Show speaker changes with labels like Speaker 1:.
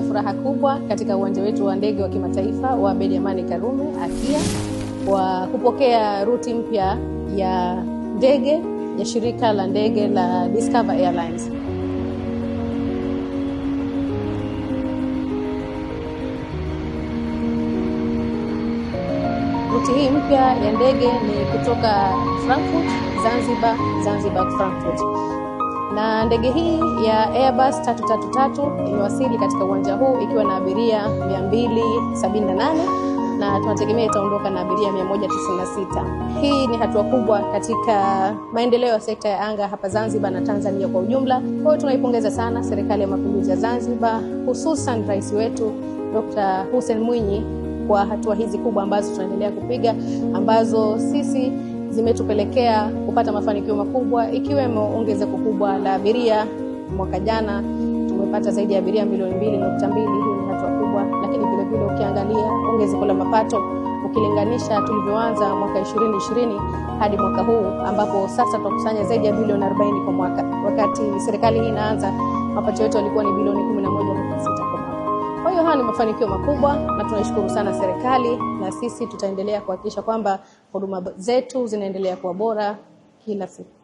Speaker 1: Tunayo furaha kubwa katika uwanja wetu wa ndege wa kimataifa wa Abeid Amani Karume AKIA wa kupokea ruti mpya ya ndege ya shirika la ndege la Discover Airlines. Ruti hii mpya ya ndege ni kutoka Frankfurt Zanzibar, Zanzibar Frankfurt na ndege hii ya Airbus 333 imewasili katika uwanja huu ikiwa na abiria 278 na tunategemea itaondoka na abiria 196. Hii ni hatua kubwa katika maendeleo ya sekta ya anga hapa Zanzibar na Tanzania kwa ujumla. Kwa hiyo tunaipongeza sana Serikali ya Mapinduzi ya Zanzibar, hususan rais wetu Dr. Hussein Mwinyi kwa hatua hizi kubwa ambazo tunaendelea kupiga ambazo sisi zimetupelekea kupata mafanikio makubwa ikiwemo ongezeko kubwa la abiria. Mwaka jana tumepata zaidi ya abiria milioni mbili nukta mbili. Hii ni hatua kubwa, lakini vilevile ukiangalia ongezeko la mapato ukilinganisha tulivyoanza mwaka 2020 hadi mwaka huu ambapo sasa tunakusanya zaidi ya bilioni 40 kwa mwaka. Wakati serikali hii inaanza, mapato yetu yalikuwa ni bilioni 11.6 ni mafanikio makubwa na tunashukuru sana serikali, na sisi tutaendelea kuhakikisha kwamba huduma zetu zinaendelea kuwa bora kila siku.